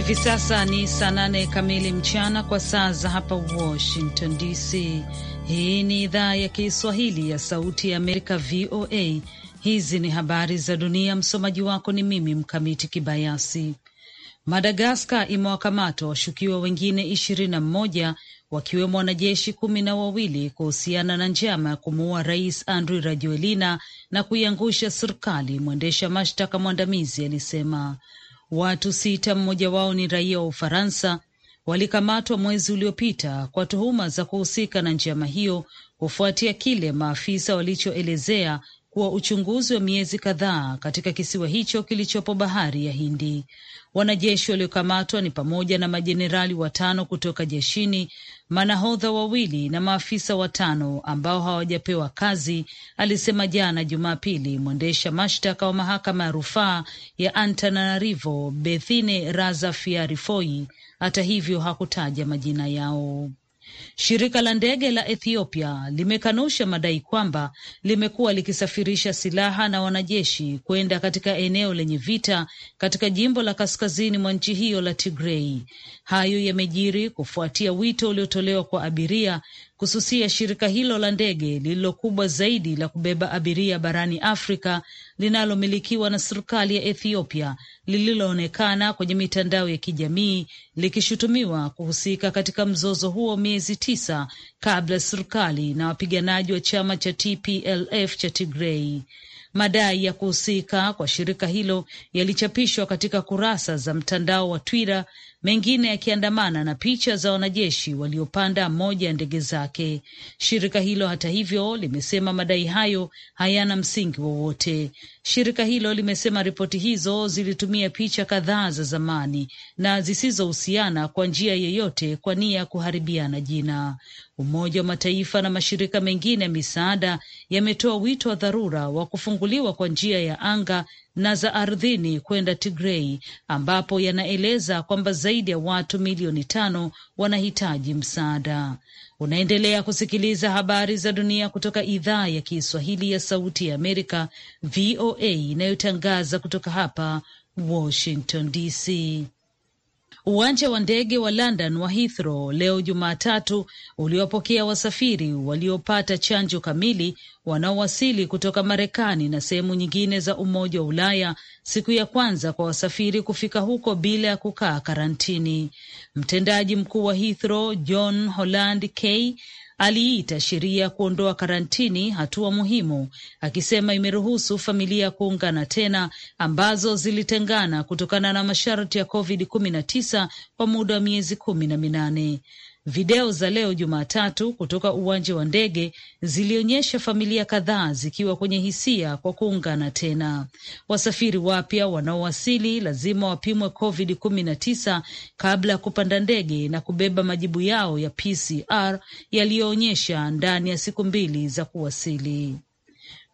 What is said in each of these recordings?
Hivi sasa ni saa nane kamili mchana kwa saa za hapa Washington DC. Hii ni idhaa ya Kiswahili ya Sauti ya Amerika, VOA. Hizi ni habari za dunia. Msomaji wako ni mimi Mkamiti Kibayasi. Madagaskar imewakamata washukiwa wengine ishirini na mmoja wakiwemo wanajeshi kumi na wawili kuhusiana na njama ya kumuua rais Andry Rajoelina na kuiangusha serikali, mwendesha mashtaka mwandamizi alisema. Watu sita, mmoja wao ni raia wa Ufaransa, walikamatwa mwezi uliopita kwa tuhuma za kuhusika na njama hiyo kufuatia kile maafisa walichoelezea kuwa uchunguzi wa miezi kadhaa katika kisiwa hicho kilichopo bahari ya Hindi. Wanajeshi waliokamatwa ni pamoja na majenerali watano kutoka jeshini, manahodha wawili na maafisa watano ambao hawajapewa kazi, alisema jana Jumapili mwendesha mashtaka wa mahakama ya rufaa ya Antananarivo bethine Raza Fiarifoi. Hata hivyo hakutaja majina yao. Shirika la ndege la Ethiopia limekanusha madai kwamba limekuwa likisafirisha silaha na wanajeshi kwenda katika eneo lenye vita katika jimbo la kaskazini mwa nchi hiyo la Tigrei. Hayo yamejiri kufuatia wito uliotolewa kwa abiria kususia shirika hilo la ndege lililo kubwa zaidi la kubeba abiria barani Afrika linalomilikiwa na serikali ya Ethiopia lililoonekana kwenye mitandao ya kijamii likishutumiwa kuhusika katika mzozo huo miezi tisa kabla serikali na wapiganaji wa chama cha TPLF cha Tigrei. Madai ya kuhusika kwa shirika hilo yalichapishwa katika kurasa za mtandao wa Twitter mengine yakiandamana na picha za wanajeshi waliopanda moja ya ndege zake. Shirika hilo hata hivyo limesema madai hayo hayana msingi wowote. Shirika hilo limesema ripoti hizo zilitumia picha kadhaa za zamani na zisizohusiana kwa njia yeyote kwa nia ya kuharibiana jina. Umoja wa Mataifa na mashirika mengine ya misaada yametoa wito wa dharura wa kufunguliwa kwa njia ya anga na za ardhini kwenda Tigrei ambapo yanaeleza kwamba zaidi ya watu milioni tano wanahitaji msaada. Unaendelea kusikiliza habari za dunia kutoka idhaa ya Kiswahili ya Sauti ya Amerika, VOA, inayotangaza kutoka hapa Washington DC. Uwanja wa ndege wa London wa Heathrow leo Jumatatu uliwapokea wasafiri waliopata chanjo kamili wanaowasili kutoka Marekani na sehemu nyingine za Umoja wa Ulaya, siku ya kwanza kwa wasafiri kufika huko bila ya kukaa karantini. Mtendaji mkuu wa Heathrow John Holland K aliita sheria kuondoa karantini hatua muhimu, akisema imeruhusu familia kuungana tena ambazo zilitengana kutokana na masharti ya COVID-19 kwa muda wa miezi kumi na minane. Video za leo Jumatatu kutoka uwanja wa ndege zilionyesha familia kadhaa zikiwa kwenye hisia kwa kuungana tena. Wasafiri wapya wanaowasili lazima wapimwe COVID-19 kabla ya kupanda ndege na kubeba majibu yao ya PCR yaliyoonyesha ndani ya siku mbili za kuwasili.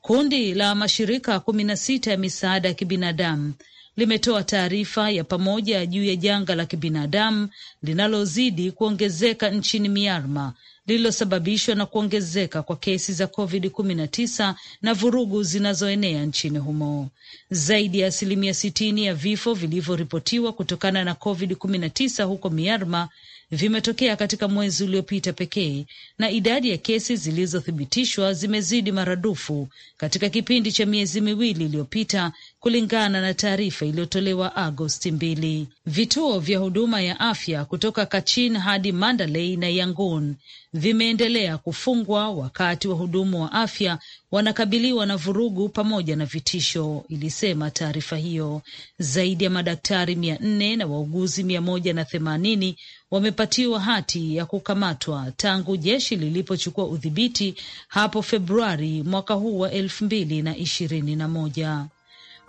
Kundi la mashirika kumi na sita ya misaada ya kibinadamu limetoa taarifa ya pamoja juu ya janga la kibinadamu linalozidi kuongezeka nchini Myanmar lililosababishwa na kuongezeka kwa kesi za COVID-19 na vurugu zinazoenea nchini humo. Zaidi ya asilimia 60 ya vifo vilivyoripotiwa kutokana na COVID-19 huko Myanmar vimetokea katika mwezi uliopita pekee, na idadi ya kesi zilizothibitishwa zimezidi maradufu katika kipindi cha miezi miwili iliyopita, kulingana na taarifa iliyotolewa Agosti mbili. Vituo vya huduma ya afya kutoka Kachin hadi Mandalay na Yangon vimeendelea kufungwa wakati wahudumu wa afya wanakabiliwa na vurugu pamoja na vitisho, ilisema taarifa hiyo. Zaidi ya madaktari mia nne na wauguzi mia moja na themanini wamepatiwa hati ya kukamatwa tangu jeshi lilipochukua udhibiti hapo Februari mwaka huu wa elfu mbili na ishirini na moja.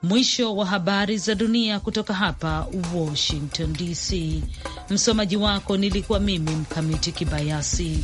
Mwisho wa habari za dunia kutoka hapa Washington DC. Msomaji wako nilikuwa mimi Mkamiti Kibayasi.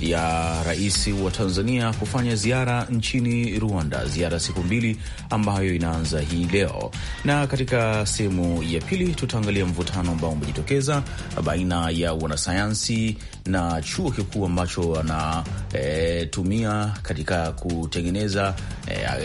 ya rais wa Tanzania kufanya ziara nchini Rwanda, ziara siku mbili ambayo inaanza hii leo. Na katika sehemu ya pili tutaangalia mvutano ambao umejitokeza baina ya wanasayansi na chuo kikuu ambacho wanatumia eh, e, katika kutengeneza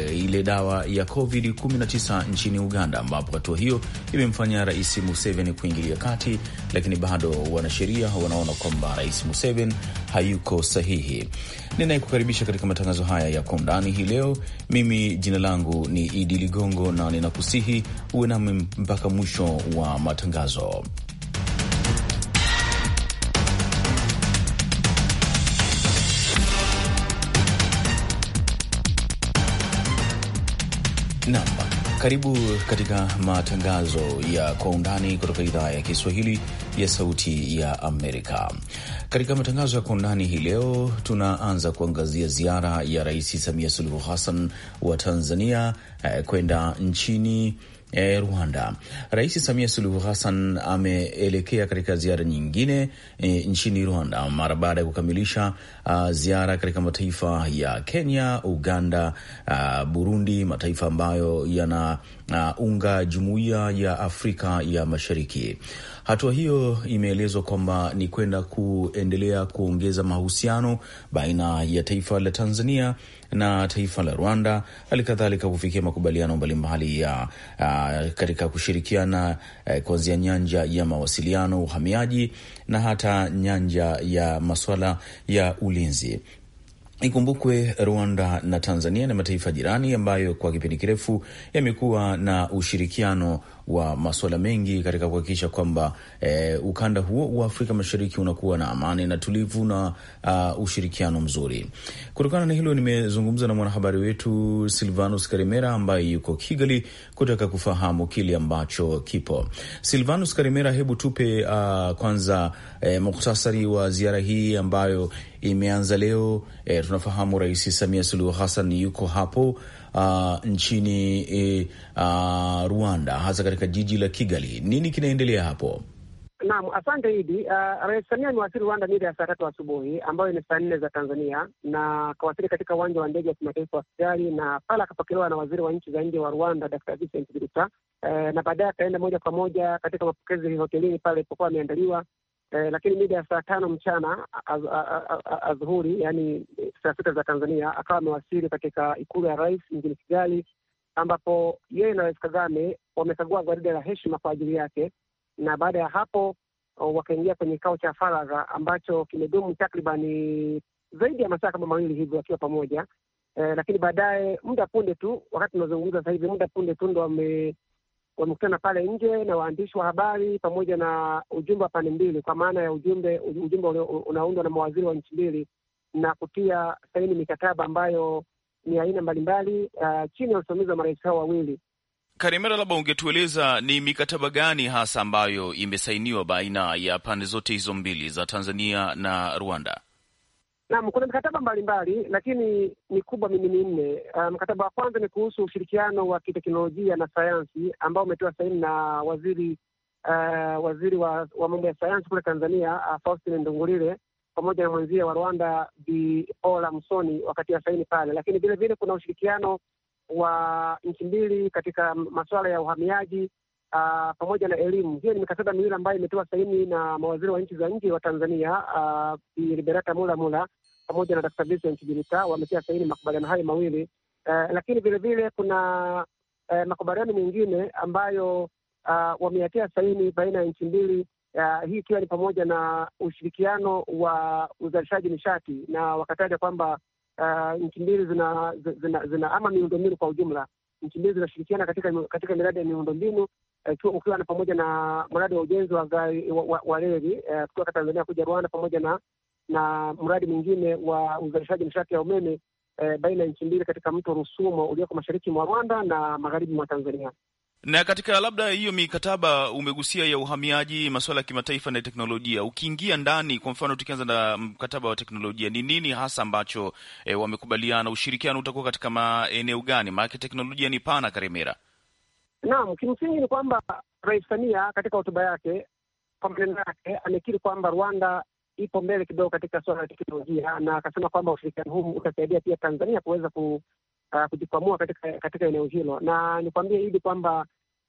e, ile dawa ya Covid 19 nchini Uganda, ambapo hatua hiyo imemfanya Rais Museveni kuingilia kati, lakini bado wanasheria wanaona kwamba Rais Museveni hayuko sahihi. Ninayekukaribisha katika matangazo haya ya kwa undani hii leo, mimi jina langu ni Idi Ligongo na ninakusihi uwe nami mpaka mwisho wa matangazo. Namba karibu katika matangazo ya kwa undani kutoka idhaa ya Kiswahili ya Sauti ya Amerika. Katika matangazo ya kwa undani hii leo, tunaanza kuangazia ziara ya Rais Samia Suluhu Hassan wa Tanzania eh, kwenda nchini eh, Rwanda. Rais Samia Suluhu Hassan ameelekea katika ziara nyingine eh, nchini Rwanda mara baada ya kukamilisha uh, ziara katika mataifa ya Kenya, Uganda, uh, Burundi, mataifa ambayo yana na unga jumuiya ya Afrika ya Mashariki. Hatua hiyo imeelezwa kwamba ni kwenda kuendelea kuongeza mahusiano baina ya taifa la Tanzania na taifa la Rwanda, hali kadhalika kufikia makubaliano mbalimbali ya uh, katika kushirikiana uh, kuanzia nyanja ya mawasiliano, uhamiaji na hata nyanja ya maswala ya ulinzi. Ikumbukwe Rwanda na Tanzania na mataifa jirani ambayo kwa kipindi kirefu yamekuwa na ushirikiano wa masuala mengi katika kuhakikisha kwamba e, ukanda huo wa Afrika Mashariki unakuwa na amani na tulivu na uh, ushirikiano mzuri. Kutokana na hilo, nimezungumza na mwanahabari wetu Silvanus Karimera ambaye yuko Kigali kutaka kufahamu kile ambacho kipo. Silvanus Karimera, hebu tupe uh, kwanza eh, muktasari wa ziara hii ambayo imeanza leo. Eh, tunafahamu Rais Samia Suluhu Hassan yuko hapo uh, nchini e, uh, Rwanda, hasa katika jiji la Kigali. Nini kinaendelea hapo? Naam, asante Idi. Uh, Rais Samia amewasili Rwanda mida ya saa tatu asubuhi ambayo ni saa nne za Tanzania, na akawasili katika uwanja wa ndege wa kimataifa wa Kigali na pale akapokelewa na waziri wa nchi za nje wa Rwanda Dr. Vincent Biruta, uh, na baadaye akaenda moja kwa moja katika mapokezi hotelini pale ilipokuwa ameandaliwa eh, lakini mida ya saa tano mchana adhuhuri, yani saa sita za Tanzania, akawa amewasili katika ikulu ya rais mjini Kigali, ambapo yeye na rais Kagame wamekagua gwaride la heshima kwa ajili yake, na baada ya hapo wakaingia kwenye kikao cha faragha ambacho kimedumu takriban zaidi ya masaa kama mawili hivyo wakiwa pamoja eh, lakini baadaye muda punde tu, wakati unazungumza sasa hivi, muda punde tu ndo wame wamekutana pale nje na waandishi wa habari pamoja na ujumbe wa pande mbili, kwa maana ya ujumbe ujumbe unaundwa na mawaziri wa nchi mbili na kutia saini mikataba ambayo ni aina mbalimbali uh, chini ya usimamizi wa marais hao wawili. Karimera, labda ungetueleza ni mikataba gani hasa ambayo imesainiwa baina ya pande zote hizo mbili za Tanzania na Rwanda? Naam, kuna mikataba mbalimbali lakini mikubwa mimi minne. Ah, mkataba um, wa kwanza ni kuhusu ushirikiano wa kiteknolojia na sayansi ambao umetoa saini na waziri uh, waziri wa, wa mambo ya sayansi kule Tanzania uh, Faustin Ndungulile pamoja na mwenzie wa Rwanda Bi Ola Msoni wakati ya saini pale, lakini vilevile kuna ushirikiano wa nchi mbili katika masuala ya uhamiaji uh, pamoja na elimu. Hiyo ni mikataba miwili ambayo imetiwa saini na mawaziri wa nchi za nje wa Tanzania uh, Liberata Mulamula pamoja na Dr. Vincent Biruta wametia saini makubaliano hayo mawili uh, lakini vilevile kuna uh, makubaliano mengine ambayo uh, wameatia saini baina ya nchi mbili uh, hii ikiwa ni pamoja na ushirikiano wa uzalishaji nishati na wakataja kwamba uh, nchi mbili zina, zina, zina ama miundombinu kwa ujumla nchi mbili zinashirikiana katika katika miradi ya miundombinu ikiwa ukiwa na pamoja na mradi wa ujenzi wa, gari wa, reli kutoka Tanzania kuja Rwanda pamoja na na mradi mwingine wa uzalishaji nishati ya umeme e, baina ya nchi mbili katika mto Rusumo ulioko mashariki mwa Rwanda na magharibi mwa Tanzania. Na katika labda hiyo mikataba umegusia ya uhamiaji, masuala ya kimataifa na teknolojia, ukiingia ndani, kwa mfano tukianza na mkataba wa teknolojia, ni nini hasa ambacho e, wamekubaliana? Ushirikiano utakuwa katika maeneo gani? Maanake teknolojia ni pana, Karemera. Naam, kimsingi ni kwamba Rais Samia katika hotuba yake kwa maneno yake amekiri kwamba Rwanda ipo mbele kidogo katika suala la teknolojia, na akasema kwamba ushirikiano huu utasaidia pia Tanzania kuweza ku, uh, kujikwamua katika katika eneo hilo, na nikwambie hili kwamba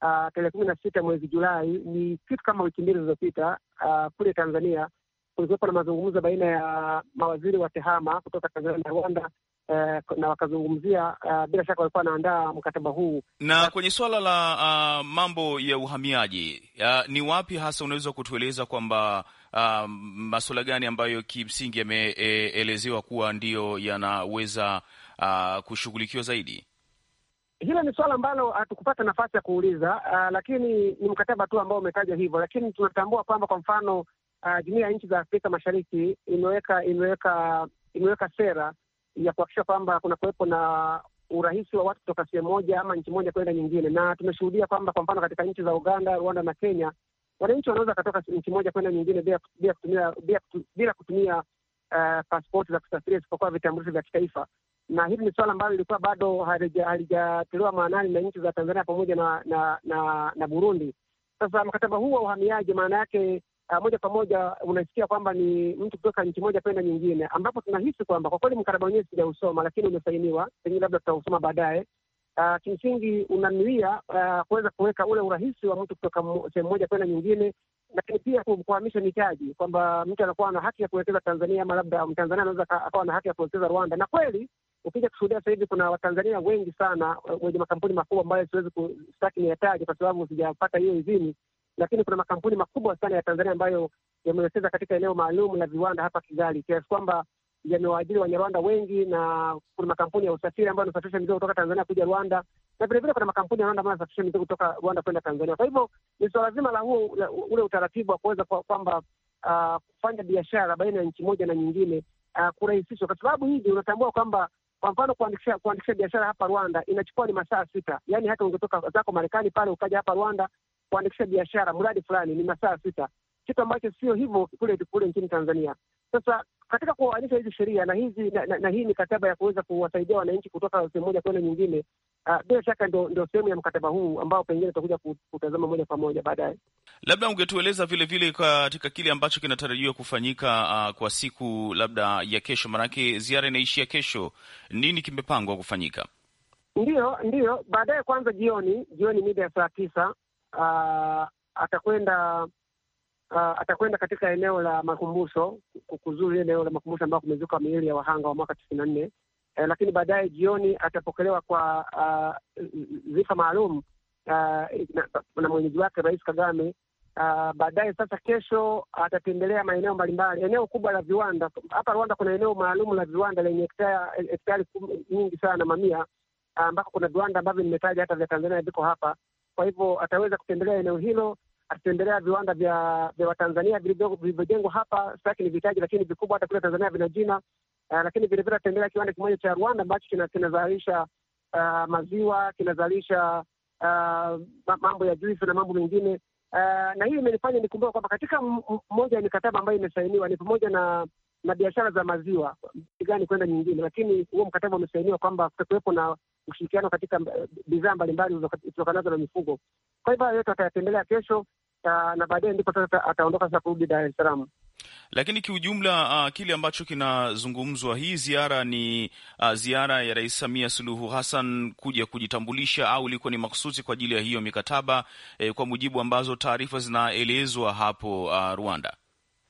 uh, tarehe kumi na sita mwezi Julai ni kitu kama wiki mbili zilizopita uh, kule Tanzania kulikuwepo na mazungumzo baina ya mawaziri wa tehama kutoka Tanzania na Rwanda eh, na wakazungumzia uh, bila shaka walikuwa wanaandaa mkataba huu. Na kwenye suala la uh, mambo ya uhamiaji uh, ni wapi hasa unaweza kutueleza kwamba um, masuala gani ambayo kimsingi yameelezewa kuwa ndiyo yanaweza uh, kushughulikiwa zaidi? Hilo ni suala ambalo hatukupata nafasi ya kuuliza uh, lakini ni mkataba tu ambao umetajwa hivyo, lakini tunatambua kwamba kwa mfano uh, jumuiya ya nchi za Afrika Mashariki imeweka imeweka imeweka sera ya kuhakikisha kwamba kuna kuwepo na urahisi wa watu kutoka sehemu moja ama nchi moja kwenda nyingine, na tumeshuhudia kwamba kwa mfano katika nchi za Uganda, Rwanda na Kenya wananchi wanaweza katoka nchi moja kwenda nyingine bila kutumia bila kutumia uh, eh, paspoti za kusafiria isipokuwa vitambulisho vya kitaifa, na hili ni suala ambalo lilikuwa bado halijatolewa maanani na nchi za Tanzania pamoja na na, na, na Burundi. Sasa mkataba huu wa uhamiaji maana yake uh, moja kwa moja unasikia kwamba ni mtu kutoka nchi moja kwenda nyingine, ambapo tunahisi kwamba kwa kweli mkataba wenyewe sijausoma, lakini umesainiwa, pengine labda tutausoma baadaye uh, kimsingi unanuia uh, ah, kuweza kuweka ule urahisi wa mtu kutoka sehemu moja kwenda nyingine, lakini pia kuhamisha mitaji kwamba mtu anakuwa na haki ya kuwekeza Tanzania ama labda Mtanzania anaweza akawa na haki ya kuwekeza Rwanda. Na kweli ukija kushuhudia sasa hivi kuna Watanzania wengi sana eh, wenye makampuni makubwa ambayo siwezi kustaki niyataje kwa sababu sijapata hiyo idhini, lakini kuna makampuni makubwa sana ya Tanzania ambayo yamewekeza katika eneo maalum la viwanda hapa Kigali kiasi kwamba yamewaajiri Wanyarwanda wengi, na kuna makampuni ya usafiri ambayo yanasafirisha mizigo kutoka Tanzania kuja Rwanda, na vilevile kuna makampuni ya Rwanda ambayo yanasafirisha mizigo kutoka Rwanda kwenda Tanzania. Kwa hivyo ni suala zima la huo ule utaratibu wa kuweza kwamba kwa uh, kufanya biashara baina ya nchi moja na nyingine uh, kurahisishwa, kwa sababu hivi unatambua kwamba kwa mfano kuandikisha kuandikisha biashara hapa Rwanda inachukua ni masaa sita. Yaani hata ungetoka zako Marekani pale ukaja hapa Rwanda kuandikisha biashara mradi fulani ni masaa sita, kitu ambacho sio hivyo kule kule nchini Tanzania. Sasa katika kuainisha hizi sheria na hizi na, na, na hii mikataba ya kuweza kuwasaidia wananchi kutoka sehemu moja kwenda nyingine. Uh, bila shaka ndo, ndo sehemu ya mkataba huu ambao pengine tutakuja kutazama moja kwa moja baadaye. Labda ungetueleza vile vile katika kile ambacho kinatarajiwa kufanyika uh, kwa siku labda ya kesho, maanake ziara inaishia kesho. Nini kimepangwa kufanyika? Ndiyo, ndiyo, baadaye kwanza jioni jioni, mida ya saa tisa uh, atakwenda uh, atakwenda katika eneo la makumbusho kuzuru eneo la makumbusho ambayo kumezuka miili ya wahanga wa mwaka tisini na nne. Eh, lakini baadaye jioni atapokelewa kwa uh, zifa maalum uh, na, na mwenyeji wake Rais Kagame. Uh, baadaye sasa kesho atatembelea maeneo mbalimbali, eneo kubwa la viwanda hapa Rwanda. Kuna eneo maalum la viwanda lenye hektari nyingi sana mamia, ambako uh, kuna viwanda ambavyo nimetaja hata vya Tanzania viko hapa. Kwa hivyo ataweza kutembelea eneo hilo akitembelea viwanda vya vya Watanzania vilivyojengwa hapa, sitaki ni vitaji, lakini vikubwa, hata kule Tanzania vina jina. Uh, lakini vilevile atatembelea kiwanda kimoja cha Rwanda ambacho kinazalisha uh, maziwa, kinazalisha uh, mambo ya juisi na mambo mengine uh, na hii imenifanya nikumbuka kwamba katika moja ya mikataba ambayo imesainiwa ni pamoja na na biashara za maziwa gani kwenda nyingine, lakini huo mkataba umesainiwa kwamba kutakuwepo na ushirikiano katika bidhaa mbalimbali zitokanazo na mifugo. Kwa hivyo hayo yote atayatembelea kesho, na baadaye ndipo sasa ataondoka sasa kurudi Dar es Salaam. Lakini kiujumla, uh, kile ambacho kinazungumzwa hii ziara ni uh, ziara ya Rais Samia Suluhu Hassan kuja kujitambulisha au ilikuwa ni makususi kwa ajili ya hiyo mikataba eh, kwa mujibu ambazo taarifa zinaelezwa hapo uh, Rwanda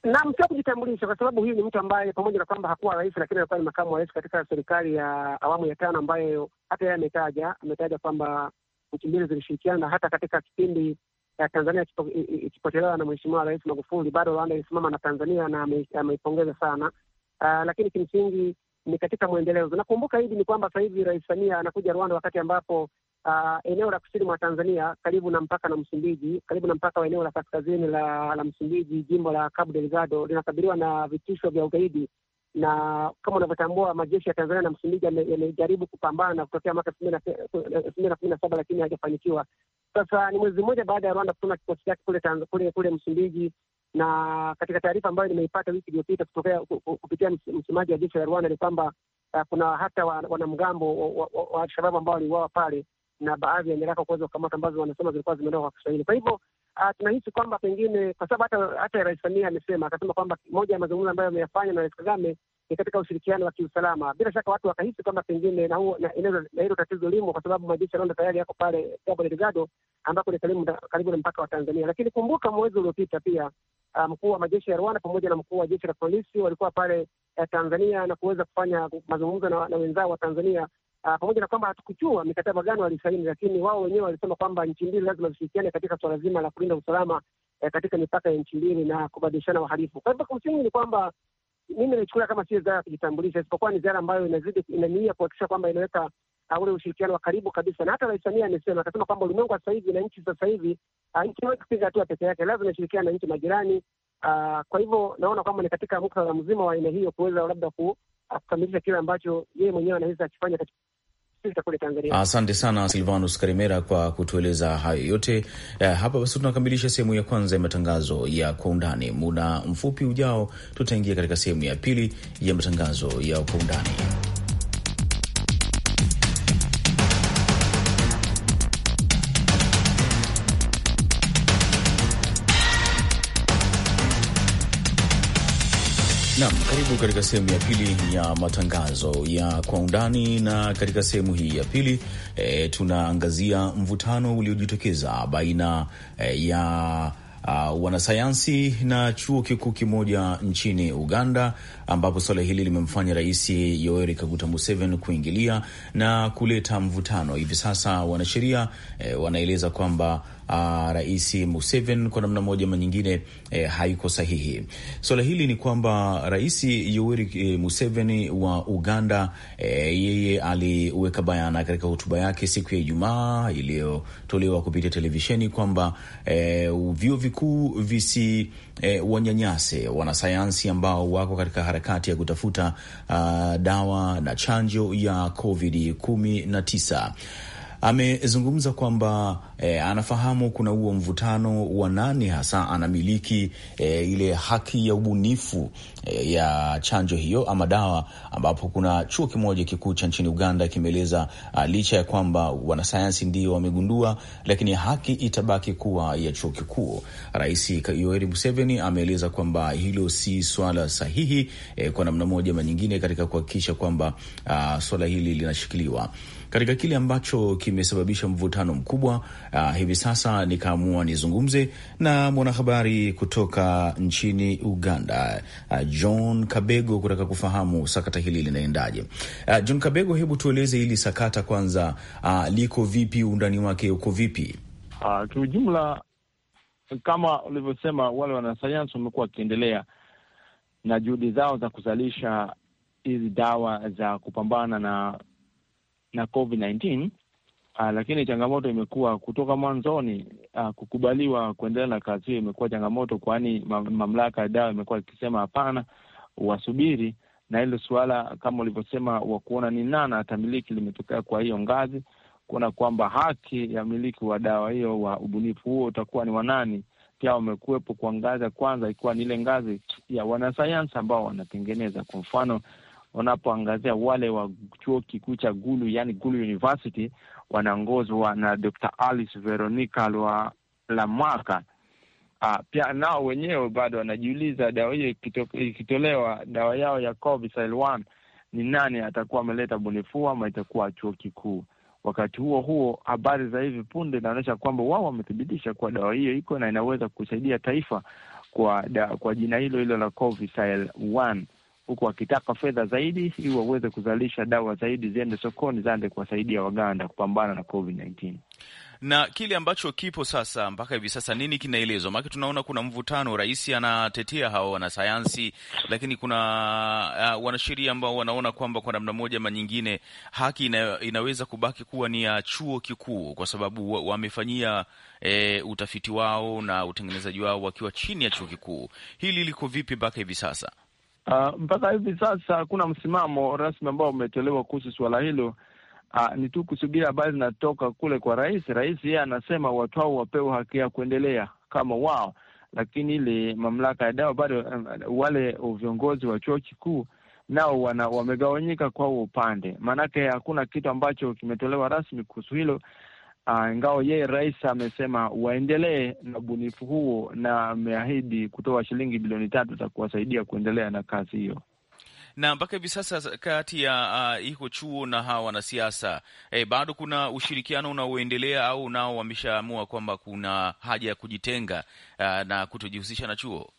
nam sio kujitambulisha kwa sababu huyu ni mtu ambaye pamoja na kwamba hakuwa rais, lakini alikuwa ni makamu wa rais katika serikali ya awamu ya tano, ambayo hata yeye ametaja ametaja kwamba nchi mbili zilishirikiana hata katika kipindi ya Tanzania ikipotelewa na Mheshimiwa Rais Magufuli, bado Rwanda ilisimama na Tanzania na ameipongeza sana. Uh, lakini kimsingi ni katika mwendelezo. Nakumbuka hivi ni kwamba sasa hivi Rais Samia anakuja Rwanda wakati ambapo uh, eneo la kusini mwa Tanzania karibu na mpaka na Msumbiji, karibu na mpaka wa eneo la kaskazini la, la Msumbiji, jimbo la Cabo Delgado linakabiliwa na vitisho vya ugaidi, na kama unavyotambua majeshi ya Tanzania na Msumbiji yamejaribu kupambana na kutokea mwaka elfu mbili na kumi na saba lakini hajafanikiwa. Sasa ni mwezi mmoja baada ya Rwanda kutuma kikosi chake kule kule kule Msumbiji, na katika taarifa ambayo nimeipata wiki iliyopita kutokea kupitia msemaji wa jeshi la Rwanda ni kwamba uh, kuna hata wanamgambo wa, wa, wa, Alshababu ambao waliuawa pale na baadhi ya nyaraka kuweza kukamata ambazo wanasema zilikuwa zimeondoka kwa Kiswahili. Kwa hivyo uh, tunahisi kwamba pengine kwa sababu hata hata Rais Samia amesema akasema kwamba moja ya mazungumzo ambayo ameyafanya na Rais Kagame ni katika ushirikiano wa kiusalama. Bila shaka watu wakahisi kwamba pengine na huo na hilo tatizo limo, kwa sababu majeshi ya Rwanda tayari yako pale Cabo Delgado ambapo ni karibu na mpaka wa Tanzania. Lakini kumbuka mwezi uliopita pia ah, mkuu wa majeshi ya Rwanda pamoja na mkuu wa jeshi la polisi walikuwa pale eh, Tanzania na kuweza kufanya mazungumzo na, na wenzao wa Tanzania uh, pamoja na kwamba hatukujua mikataba gani walisaini, lakini wao wenyewe walisema kwamba nchi mbili lazima zishirikiane katika suala zima la kulinda usalama eh, katika mipaka ya nchi mbili na kubadilishana wahalifu. Kwa hivyo kimsingi ni kwamba mimi naichukulia kama sio ziara ya kujitambulisha, isipokuwa ni ziara ambayo inazidi inania kuhakikisha kwamba inaweka ah, ule ushirikiano wa karibu kabisa. Na hata Rais Samia amesema akasema kwamba ulimwengu wa sasa hivi na nchi sasa hivi ah, nchi hawezi kupiga hatua peke yake, lazima inashirikiana na nchi majirani. Uh, kwa hivyo naona kwamba ni katika muktadha mzima wa aina hiyo kuweza labda kukamilisha kile ambacho yeye mwenyewe anaweza akifanya katika Asante sana Silvanus Karimera kwa kutueleza hayo yote. Eh, hapa basi tunakamilisha sehemu ya kwanza ya matangazo ya kwa undani. Muda mfupi ujao, tutaingia katika sehemu ya pili ya matangazo ya kwa undani. Naam, karibu katika sehemu ya pili ya matangazo ya kwa undani, na katika sehemu hii ya pili e, tunaangazia mvutano uliojitokeza baina e, ya Uh, wanasayansi na chuo kikuu kimoja nchini Uganda ambapo suala hili limemfanya Rais Yoweri Kaguta Museveni kuingilia na kuleta mvutano. Hivi sasa wanasheria eh, wanaeleza kwamba uh, Rais Museveni kwa namna moja ama nyingine eh, haiko sahihi. swala hili ni kwamba Rais Yoweri eh, Museveni wa Uganda eh, yeye aliweka bayana katika hotuba yake siku ya Ijumaa iliyotolewa kupitia televisheni kwamba eh, vyuo vikuu visi E, wanyanyase wanasayansi ambao wako katika harakati ya kutafuta uh, dawa na chanjo ya COVID 19 amezungumza kwamba eh, anafahamu kuna huo mvutano wa nani hasa anamiliki eh, ile haki ya ubunifu eh, ya chanjo hiyo ama dawa, ambapo kuna chuo kimoja kikuu cha nchini Uganda kimeeleza uh, licha ya kwamba wanasayansi ndio wamegundua, lakini haki itabaki kuwa ya chuo kikuu. Rais Yoweri Museveni ameeleza kwamba hilo si swala sahihi eh, kwa namna moja ama nyingine katika kuhakikisha kwamba uh, swala hili linashikiliwa katika kile ambacho kimesababisha mvutano mkubwa. Uh, hivi sasa nikaamua nizungumze na mwanahabari kutoka nchini Uganda, uh, John Kabego kutaka kufahamu sakata hili linaendaje. Uh, John Kabego, hebu tueleze hili sakata kwanza, uh, liko vipi? Undani wake uko vipi? Uh, kiujumla kama ulivyosema, wale wanasayansi wamekuwa wakiendelea na juhudi zao za kuzalisha hizi dawa za kupambana na na COVID-19. Uh, ah, lakini changamoto imekuwa kutoka mwanzoni, uh, kukubaliwa kuendelea na kazi hiyo imekuwa changamoto, kwani mamlaka ya dawa imekuwa ikisema hapana, wasubiri na hilo suala kama ulivyosema wa kuona ni nani atamiliki limetokea kwa hiyo ngazi, kuona kwamba haki ya miliki wa dawa hiyo wa ubunifu huo utakuwa ni wanani. Pia wamekuwepo kwa ngazi ya kwanza, ikiwa ni ile ngazi ya wanasayansi ambao wanatengeneza, kwa mfano unapoangazia wale wa chuo kikuu cha Gulu, yani Gulu University, wanaongozwa na Dr. Alice Veronica Lwa mwaka Ah, pia nao wenyewe bado wanajiuliza dawa hiyo ikitolewa, dawa yao ya 1 ni nani atakuwa ameleta bunifu ama itakuwa chuo kikuu. Wakati huo huo, habari za hivi punde inaonyesha kwamba wao wamethibitisha kuwa dawa hiyo iko na inaweza kusaidia taifa kwa da, kwa jina hilo hilo la 1 huku wakitaka fedha zaidi ili waweze kuzalisha dawa zaidi ziende sokoni, ziende kuwasaidia Waganda kupambana na COVID-19 na kile ambacho kipo sasa mpaka hivi sasa, nini kinaelezwa? Maanake tunaona kuna mvutano, rais anatetea hao wanasayansi, lakini kuna uh, wanasheria ambao wanaona kwamba kwa namna moja ama nyingine haki ina, inaweza kubaki kuwa ni ya chuo kikuu, kwa sababu wamefanyia wa eh, e, utafiti wao na utengenezaji wao wakiwa chini ya chuo kikuu. Hili liko vipi mpaka hivi sasa? Uh, mpaka hivi sasa hakuna msimamo rasmi ambao umetolewa kuhusu suala hilo. Uh, ni tu kusubiri habari zinatoka kule kwa rais. Rais yeye anasema watu hao wapewe haki ya kuendelea kama wao, lakini ile mamlaka ya dawa bado, um, wale viongozi wa chuo kikuu nao wamegawanyika kwa upande, maanake hakuna kitu ambacho kimetolewa rasmi kuhusu hilo, Ah, ingawa yeye rais amesema waendelee na ubunifu huo na ameahidi kutoa shilingi bilioni tatu za kuwasaidia kuendelea na kazi hiyo na mpaka hivi sasa kati ya uh, iko chuo na hawa wanasiasa eh, bado kuna ushirikiano unaoendelea au nao wameshaamua kwamba kuna haja ya kujitenga uh, na kutojihusisha na chuo?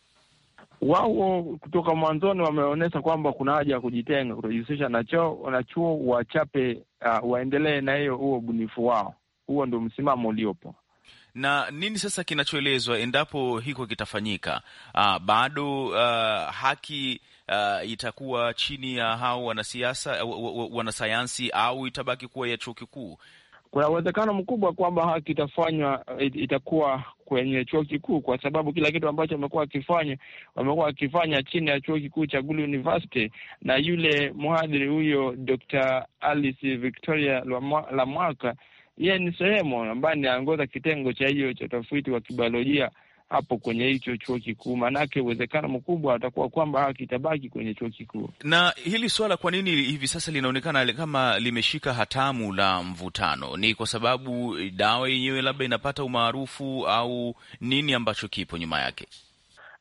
Wao kutoka mwanzoni wameonyesha kwamba kuna haja ya kujitenga, kutojihusisha na na chuo wachape, uh, waendelee na hiyo huo ubunifu wao huo ndo msimamo uliopo. Na nini sasa kinachoelezwa endapo hiko kitafanyika? Aa, ah, bado uh, haki uh, itakuwa chini ya hao wanasiasa eh, wanasayansi, au itabaki kuwa ya chuo kikuu? Kuna uwezekano mkubwa kwamba haki itafanywa eh, itakuwa kwenye chuo kikuu, kwa sababu kila kitu ambacho wamekuwa wakifanya wamekuwa wakifanya chini ya chuo kikuu cha Gulu University, na yule mhadhiri huyo Dr. Alice Victoria Lamwaka yeye ni sehemu ambaye anaongoza kitengo cha hiyo cha utafiti wa kibiolojia hapo kwenye hicho chuo kikuu, maanake uwezekano mkubwa atakuwa kwamba kitabaki kwenye chuo kikuu. Na hili swala kwa nini hivi sasa linaonekana kama limeshika hatamu la mvutano? Ni kwa sababu dawa yenyewe labda inapata umaarufu au nini ambacho kipo nyuma yake?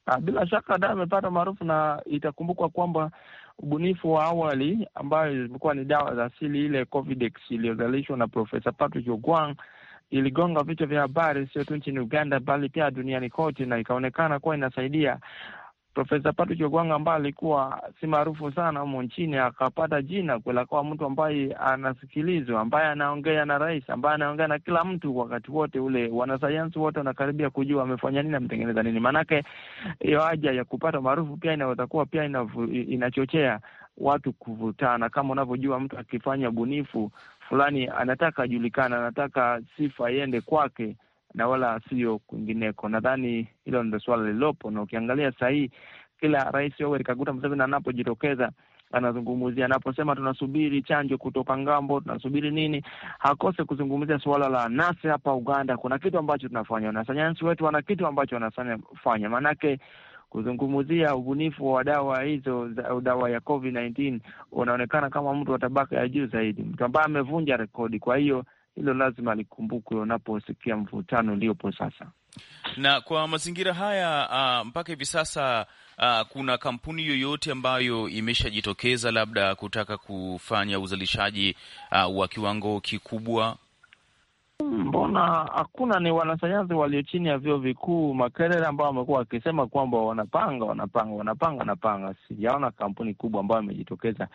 Ah, bila shaka dawa imepata umaarufu na itakumbukwa kwamba ubunifu wa awali ambayo zimekuwa ni dawa za asili. Ile Covidex iliyozalishwa na Profesa Patrick Ogwang iligonga vichwa vya habari sio tu nchini Uganda bali pia duniani kote, na ikaonekana kuwa inasaidia Profesa Patu Chokwanga ambaye alikuwa si maarufu sana humo nchini akapata jina kwela kwa mtu ambaye anasikilizwa, ambaye anaongea na rais, ambaye anaongea na kila mtu wakati wote ule. Wanasayansi wote wanakaribia kujua amefanya nini, ametengeneza nini. Maanake hiyo haja ya kupata maarufu pia inaweza kuwa pia inavu, inachochea watu kuvutana. Kama unavyojua mtu akifanya bunifu fulani, anataka ajulikana, anataka sifa iende kwake na wala sio kwingineko. Nadhani hilo ndio suala lililopo, na ukiangalia sahii kila Rais Yoweri Kaguta Museveni anapojitokeza anazungumzia anaposema tunasubiri chanjo kutoka ngambo, tunasubiri nini, hakose kuzungumzia suala la nasi. Hapa Uganda kuna kitu ambacho tunafanya, na sayansi wetu wana kitu ambacho wanafanya, maanake kuzungumzia ubunifu wa dawa hizo, dawa ya COVID-19, unaonekana kama mtu wa tabaka ya juu zaidi, mtu ambaye amevunja rekodi. Kwa hiyo hilo lazima likumbukwe unaposikia mvutano uliopo sasa. Na kwa mazingira haya uh, mpaka hivi sasa uh, kuna kampuni yoyote ambayo imeshajitokeza labda kutaka kufanya uzalishaji uh, wa kiwango kikubwa Mbona hakuna? Ni wanasayansi walio chini ya vyuo vikuu Makerere ambao wamekuwa wakisema kwamba wanapanga wanapanga wanapanga wanapanga. Sijaona kampuni kubwa ambayo imejitokeza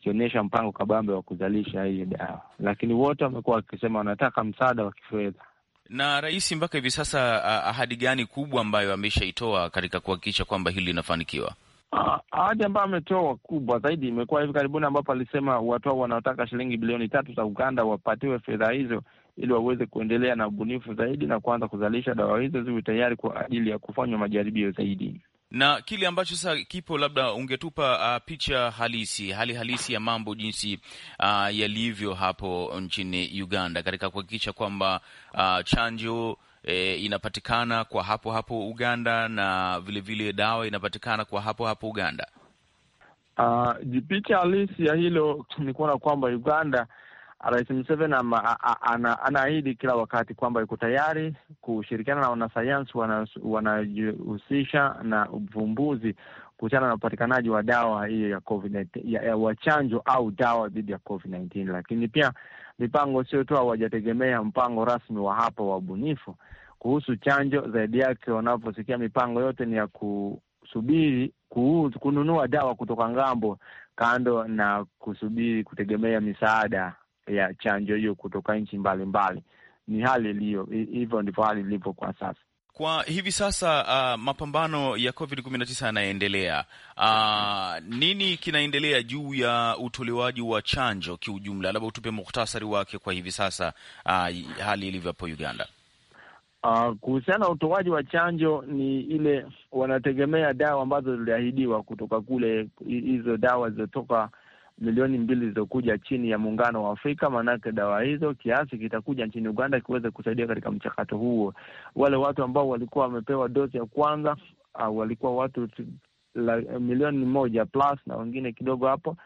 ikionyesha mpango kabambe wa kuzalisha hii dawa, lakini wote wamekuwa wakisema wanataka msaada wa kifedha. Na rais mpaka hivi sasa, ahadi gani kubwa ambayo ameshaitoa katika kuhakikisha kwamba hili linafanikiwa? Ah, ahadi ambayo ametoa kubwa zaidi imekuwa hivi karibuni, ambapo alisema watu hao wanaotaka shilingi bilioni tatu za Uganda wapatiwe fedha hizo ili waweze kuendelea na ubunifu zaidi na kuanza kuzalisha dawa hizo ziwe tayari kwa ajili ya kufanywa majaribio zaidi. Na kile ambacho sasa kipo, labda ungetupa uh, picha halisi, hali halisi ya mambo jinsi uh, yalivyo hapo nchini Uganda katika kuhakikisha kwamba uh, chanjo e, inapatikana kwa hapo hapo Uganda na vilevile vile dawa inapatikana kwa hapo hapo Uganda. Uh, ah, jipicha halisi ya hilo ni kuona kwamba Uganda, Rais Museveni anaahidi kila wakati kwamba yuko tayari kushirikiana na wanasayansi wanajihusisha na uvumbuzi kuhusiana na upatikanaji wa dawa hiyo ya COVID ya, au dawa dhidi ya COVID-19. Lakini pia mipango sio tu hawajategemea mpango rasmi wa hapa wa ubunifu kuhusu chanjo, zaidi yake wanaposikia mipango yote ni ya kusubiri kununua dawa kutoka ngambo, kando na kusubiri kutegemea misaada ya chanjo hiyo kutoka nchi mbalimbali. Ni hali iliyo hivyo, ndivyo hali ilivyo kwa sasa. Kwa hivi sasa uh, mapambano ya COVID-19 yanaendelea. Uh, nini kinaendelea juu ya utolewaji wa chanjo kiujumla? Labda utupe muhtasari wake kwa hivi sasa, uh, hali ilivyo hapo Uganda. Uh, kuhusiana na utoaji wa chanjo ni ile wanategemea dawa ambazo ziliahidiwa kutoka kule, hizo dawa zilizotoka milioni mbili zilizokuja chini ya muungano wa Afrika. Maanake dawa hizo kiasi kitakuja nchini Uganda kiweze kusaidia katika mchakato huo. Wale watu ambao walikuwa wamepewa dozi ya kwanza uh, walikuwa watu la, milioni moja plus na wengine kidogo hapo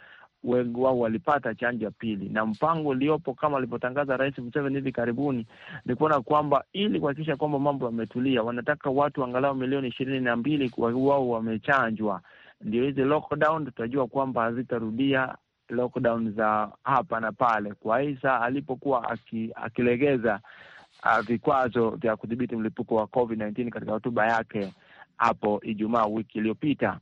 wengi wao walipata chanjo ya pili, na mpango uliopo kama alivyotangaza Rais Museveni hivi karibuni ni kuona kwamba ili kuhakikisha kwamba mambo yametulia, wanataka watu angalau milioni ishirini na mbili wao wamechanjwa, ndio hizi lockdown tutajua kwamba hazitarudia lockdown za hapa na pale. Kwa isa alipokuwa aki, akilegeza uh, vikwazo vya kudhibiti mlipuko wa COVID-19 katika hotuba yake hapo Ijumaa wiki iliyopita.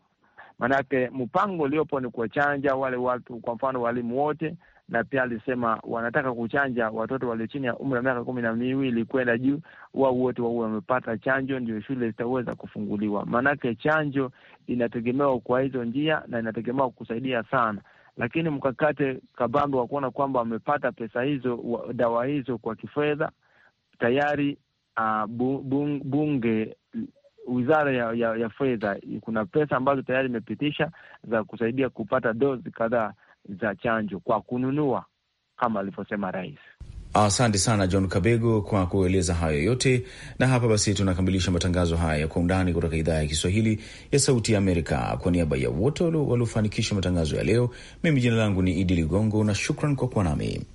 Manake mpango uliopo ni kuwachanja wale watu, kwa mfano walimu wote, na pia alisema wanataka kuchanja watoto walio chini ya umri wa miaka kumi na miwili kwenda juu, wao wote wawe wamepata chanjo, ndio shule zitaweza kufunguliwa. Maanake chanjo inategemewa kwa hizo njia na inategemewa kusaidia sana lakini mkakate kabambe wa kuona kwamba wamepata pesa hizo wa, dawa hizo kwa kifedha tayari. Uh, bu, bunge wizara ya, ya, ya fedha kuna pesa ambazo tayari imepitisha za kusaidia kupata dozi kadhaa za chanjo kwa kununua kama alivyosema rais. Asante sana John Kabego kwa kueleza hayo yote, na hapa basi tunakamilisha matangazo haya ya kwa undani kutoka idhaa ya Kiswahili ya Sauti ya Amerika. Kwa niaba ya wote waliofanikisha matangazo ya leo, mimi jina langu ni Idi Ligongo na shukran kwa kuwa nami.